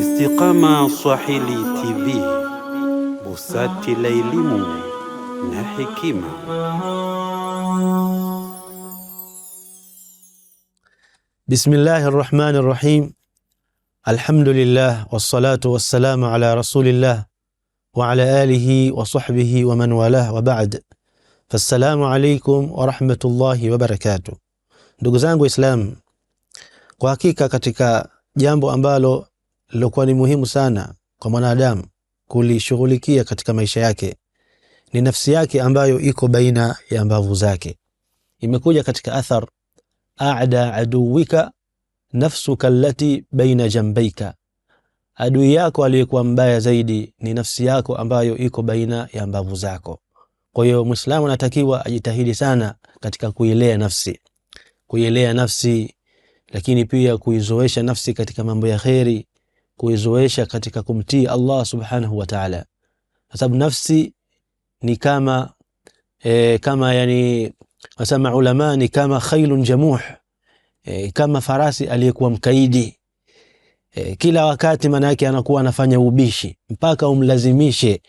Istiqama Swahili TV, busati la elimu na hekima. Bismillahi rrahmani rrahim. Alhamdulillah wassalatu wassalamu ala rasulillah wa ala alihi wa sahbihi wa man walah wa ba'd. Fassalamu alaikum wa rahmatullahi wa barakatuh. Ndugu zangu Waislamu Kwa hakika katika jambo ambalo lilokuwa ni muhimu sana kwa mwanadamu kulishughulikia katika maisha yake ni nafsi yake ambayo iko baina ya mbavu zake. Imekuja katika athar, aada aduwika nafsuka allati baina jambaika, adui yako aliyekuwa mbaya zaidi ni nafsi yako ambayo iko baina ya mbavu zako. Kwa hiyo Mwislamu anatakiwa ajitahidi sana katika kuilea nafsi, kuilea nafsi lakini pia kuizoesha nafsi katika mambo ya kheri, kuizoesha katika kumtii Allah subhanahu wa ta'ala, kwa sababu nafsi ni kama e, kama yani wasema ulama ni kama khailun jamuh e, kama farasi aliyekuwa mkaidi e, kila wakati maana yake anakuwa anafanya ubishi mpaka umlazimishe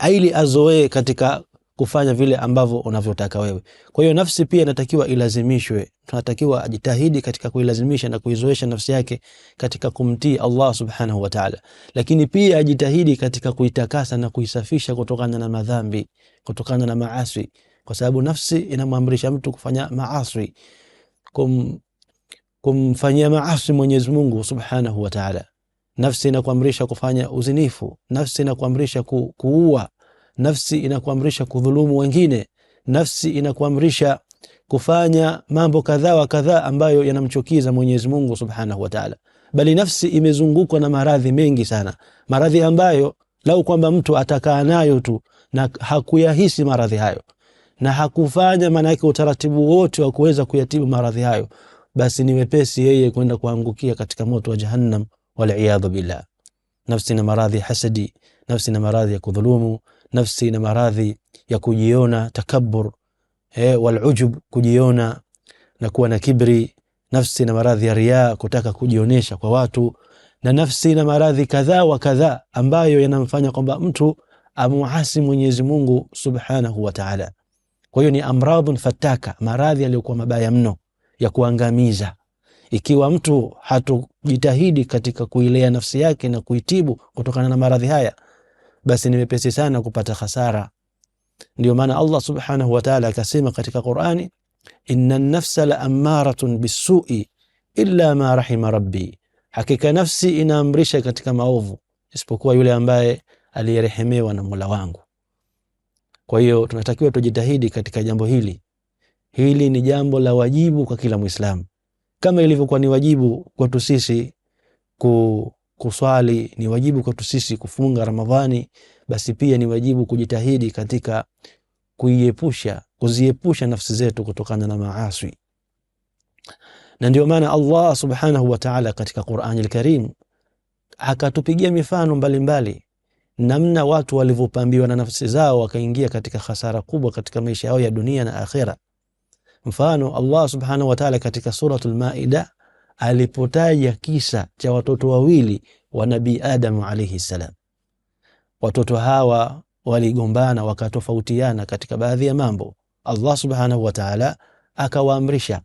ili azoee katika kufanya vile ambavyo unavyotaka wewe. Kwa hiyo nafsi pia inatakiwa ilazimishwe, tunatakiwa ajitahidi katika kuilazimisha na kuizoesha nafsi yake katika kumtii Allah subhanahu wa ta'ala, lakini pia ajitahidi katika kuitakasa na kuisafisha kutokana na madhambi, kutokana na maasi, kwa sababu nafsi inamwamrisha mtu kufanya maasi, kum kumfanyia maasi Mwenyezi Mungu subhanahu wa ta'ala. Nafsi inakuamrisha kufanya uzinifu, nafsi inakuamrisha ku, kuua nafsi inakuamrisha kudhulumu wengine, nafsi inakuamrisha kufanya mambo kadhaa wa kadhaa ambayo yanamchukiza Mwenyezi Mungu Subhanahu wa Ta'ala, bali nafsi imezungukwa na maradhi mengi sana, maradhi ambayo lau kwamba mtu atakaa nayo tu na hakuyahisi maradhi hayo na hakufanya maana yake utaratibu wote wa kuweza kuyatibu maradhi hayo, basi ni wepesi yeye kwenda kuangukia katika moto wa Jahannam, wal iyadhu billah. Nafsi na maradhi hasadi, nafsi na maradhi ya kudhulumu, nafsi na maradhi ya kujiona, takabur eh, walujub, kujiona na kuwa na kibri, nafsi na maradhi ya riaa, kutaka kujionyesha kwa watu, na nafsi na maradhi kadhaa wa kadhaa ambayo yanamfanya kwamba mtu amuasi Mwenyezi Mungu Subhanahu wa Ta'ala. Kwa hiyo ni amradhun fataka, maradhi yaliyokuwa mabaya mno ya kuangamiza. Ikiwa mtu hatujitahidi katika kuilea nafsi yake na kuitibu kutokana na maradhi haya basi ni mepesi sana kupata hasara. Ndio maana Allah subhanahu wa ta'ala akasema katika Qur'ani, inna an nafsa la ammaratun bisui illa ma rahima rabbi, hakika nafsi inaamrisha katika maovu isipokuwa yule ambaye aliyerehemewa na Mola wangu. Kwa hiyo tunatakiwa tujitahidi katika jambo hili. Hili ni jambo la wajibu kwa kila Muislamu, kama ilivyokuwa ni wajibu kwetu sisi ku kuswali ni wajibu kwetu sisi, kufunga Ramadhani, basi pia ni wajibu kujitahidi katika kuiepusha kuziepusha nafsi zetu kutokana na maasi. Na ndio maana Allah subhanahu wa ta'ala katika Qur'an al-Karim akatupigia mifano mbalimbali mbali, namna watu walivyopambiwa na nafsi zao wakaingia katika hasara kubwa katika maisha yao ya dunia na akhera. Mfano Allah subhanahu wa ta'ala katika suratul Maida alipotaja kisa cha watoto wawili wa Nabii Adamu alaihi salam. Watoto hawa waligombana wakatofautiana katika baadhi ya mambo. Allah subhanahu wa taala akawaamrisha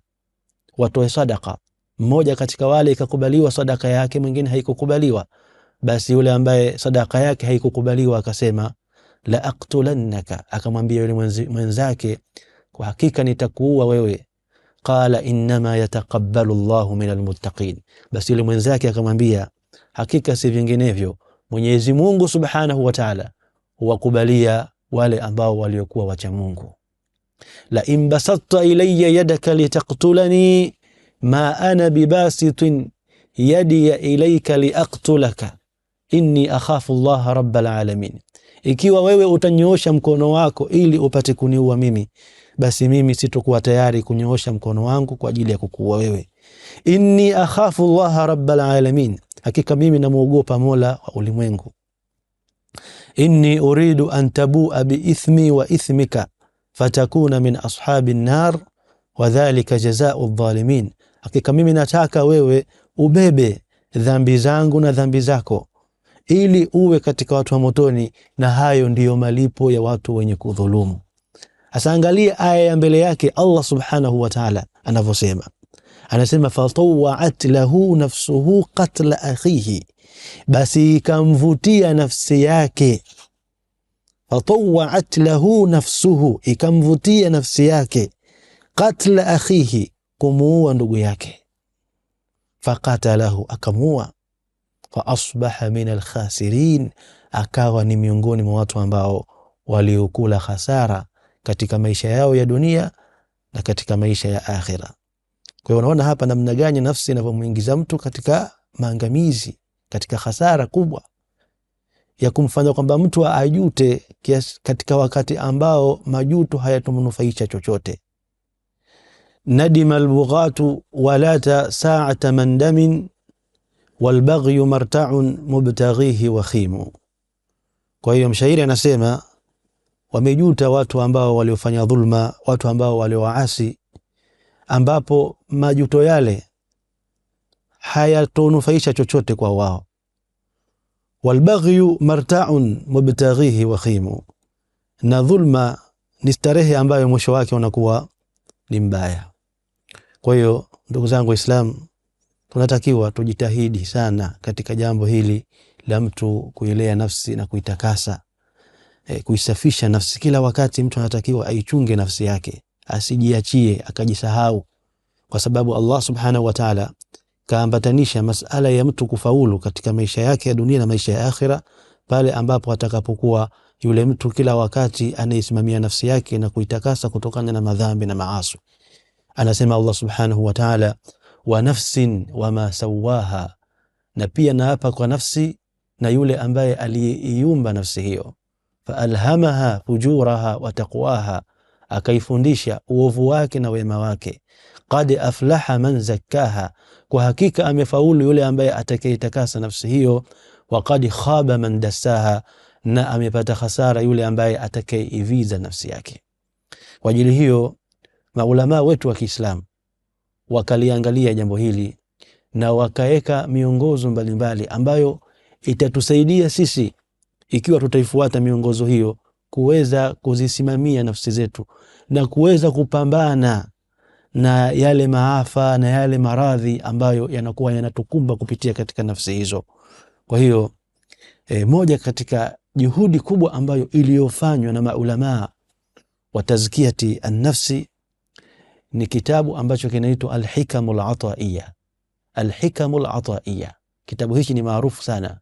watoe sadaka. Mmoja katika wale ikakubaliwa sadaka yake, mwingine haikukubaliwa. Basi yule ambaye sadaka yake haikukubaliwa akasema la aktulannaka, akamwambia yule mwenzake, kwa hakika nitakuua wewe قال إنما يتقبل الله من المتقين بس Basi من ذاك akamwambia, hakika si vinginevyo Mwenyezi Mungu Subhanahu wa Ta'ala huwakubalia wale ambao waliokuwa wacha Mungu. La in basatta ilayya yadaka litaktulani ma ana bibasitin yadiya ilayka liaktulaka inni akhafu Allaha rabbal alamin. Ikiwa wewe utanyoosha mkono wako ili upate kuniua mimi, basi mimi sitokuwa tayari kunyoosha mkono wangu kwa ajili ya kukuua wewe. Inni akhafu llaha rabbal alamin, hakika mimi namuogopa Mola wa ulimwengu. Inni uridu an tabua biithmi wa ithmika fatakuna min ashabi nnar wadhalika jazau dhalimin, hakika mimi nataka wewe ubebe dhambi zangu na dhambi zako ili uwe katika watu wa motoni, na hayo ndiyo malipo ya watu wenye kudhulumu. Sasa angalia aya ya mbele yake, Allah subhanahu wa ta'ala anavyosema, anasema fatawa'at lahu nafsuhu qatla akhihi, basi ikamvutia nafsi yake. Fatawa'at lahu nafsuhu, ikamvutia nafsi yake qatla akhihi, kumuua ndugu yake. Faqatalahu, akamuua fa asbaha min alkhasirin, akawa ni miongoni mwa watu ambao waliokula hasara katika maisha yao ya dunia na katika maisha ya akhira. Kwa hiyo unaona hapa namna gani nafsi inavyomuingiza mtu katika maangamizi, katika hasara kubwa ya kumfanya kwamba mtu ajute katika wakati ambao majuto hayatumnufaisha chochote. nadima albughatu walata saata mandamin walbaghyu martaun mubtaghihi wakhimu. Kwa hiyo mshairi anasema wamejuta watu ambao waliofanya dhulma, watu ambao waliowaasi, ambapo majuto yale hayatonufaisha chochote kwa wao. Walbaghyu martaun mubtaghihi wakhimu, na dhulma ni starehe ambayo mwisho wake unakuwa ni mbaya. Kwa hiyo ndugu zangu Waislamu, tunatakiwa tujitahidi sana katika jambo hili la mtu kuilea nafsi na kuitakasa e, kuisafisha nafsi. Kila wakati mtu anatakiwa aichunge nafsi yake, asijiachie akajisahau, kwa sababu Allah subhanahu wa ta'ala kaambatanisha masala ya mtu kufaulu katika maisha yake ya dunia na maisha ya akhira pale ambapo atakapokuwa yule mtu kila wakati anaisimamia nafsi yake na kuitakasa kutokana na madhambi na maasi. Anasema Allah subhanahu wa ta'ala wa nafsin wama sawaha, na pia naapa kwa nafsi na yule ambaye aliyeiumba nafsi hiyo. Faalhamaha fujuraha wa taqwaha, akaifundisha uovu wake na wema wake. Qad aflaha man zakkaha, kwa hakika amefaulu yule ambaye atakayetakasa nafsi hiyo. Wa qad khaba man dassaha, na amepata hasara yule ambaye atakayeiviza nafsi yake. Kwa ajili hiyo maulamaa wetu wa Kiislamu wakaliangalia jambo hili na wakaweka miongozo mbalimbali mbali ambayo itatusaidia sisi ikiwa tutaifuata miongozo hiyo kuweza kuzisimamia nafsi zetu na kuweza kupambana na yale maafa na yale maradhi ambayo yanakuwa yanatukumba kupitia katika nafsi hizo. Kwa hiyo e, moja katika juhudi kubwa ambayo iliyofanywa na maulamaa wa tazkiyati an-nafsi ni kitabu ambacho kinaitwa Alhikamu Lataiya. Alhikamu Lataiya, kitabu hichi ni maarufu sana,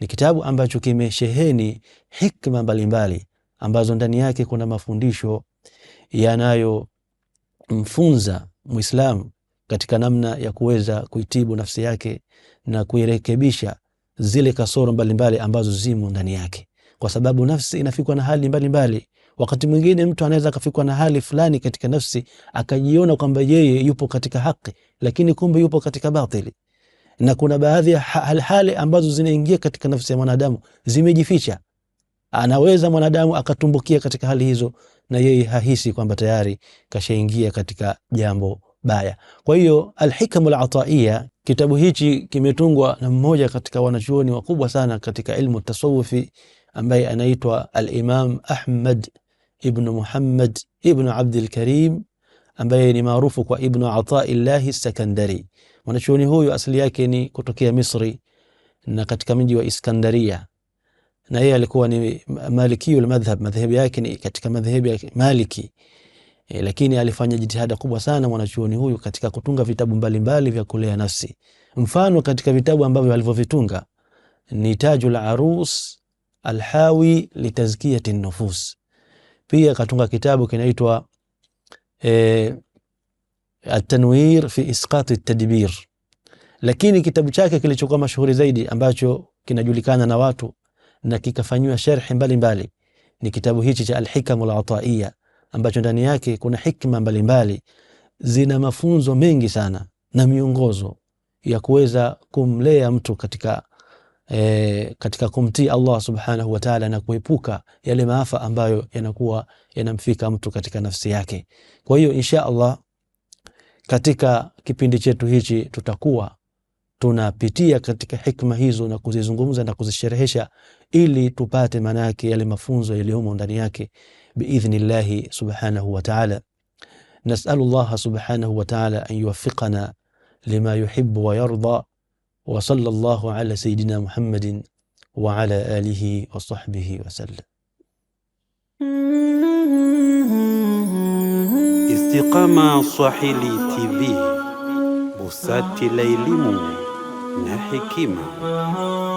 ni kitabu ambacho kimesheheni hikma mbalimbali ambazo ndani yake kuna mafundisho yanayomfunza muislam katika namna ya kuweza kuitibu nafsi yake na kuirekebisha zile kasoro mbalimbali mbali ambazo zimo ndani yake, kwa sababu nafsi inafikwa na hali mbalimbali mbali. Wakati mwingine mtu anaweza akafikwa na hali fulani katika nafsi akajiona kwamba yeye yupo katika haki, lakini kumbe yupo katika batili. Na kuna baadhi ya hali ambazo zinaingia katika nafsi ya mwanadamu zimejificha, anaweza mwanadamu akatumbukia katika hali hizo, na yeye hahisi kwamba tayari kashaingia katika jambo baya. Kwa hiyo Alhikamu Lataiya, kitabu hichi kimetungwa na mmoja katika wanachuoni wakubwa sana katika ilmu tasawufi ambaye anaitwa Alimam Ahmad ibnu Muhammad ibnu Abdul Karim ambaye ni maarufu kwa Ibnu Ataillahi Sakandari. Mwanachuoni huyu asili yake ni kutokea Misri na katika mji wa Iskandaria, na yeye alikuwa ni malikiyul madhhab, madhehebu yake ni katika madhehebu ya Maliki. E, lakini alifanya jitihada kubwa sana mwanachuoni huyu katika kutunga vitabu mbalimbali vya kulea nafsi. Mfano katika vitabu ambavyo alivyovitunga ni Tajul Arus, Alhawi litazkiyati nufus pia katunga kitabu kinaitwa e, eh, atanwir fi Isqati At-Tadbir, lakini kitabu chake kilichokuwa mashuhuri zaidi ambacho kinajulikana na watu na kikafanyiwa sharhi mbalimbali ni kitabu hichi cha Al-Hikamul Ataiya ambacho ndani yake kuna hikma mbalimbali zina mafunzo mengi sana na miongozo ya kuweza kumlea mtu katika e, katika kumtii Allah subhanahu wa ta'ala na kuepuka yale maafa ambayo yanakuwa yanamfika mtu katika nafsi yake. Kwa hiyo insha Allah katika kipindi chetu hichi tutakuwa tunapitia katika hikma hizo na kuzizungumza na kuzisherehesha ili tupate maana yake yale mafunzo yaliyomo ndani yake biidhnillahi subhanahu wa ta'ala. Nas'alu subhanahu wa ta'ala an yuwaffiqana lima yuhibbu wa yarda وصلى الله على سيدنا محمد وعلى اله وصحبه وسلم استقامة صحيلي تي في بوساتي ليلمو نحكيمه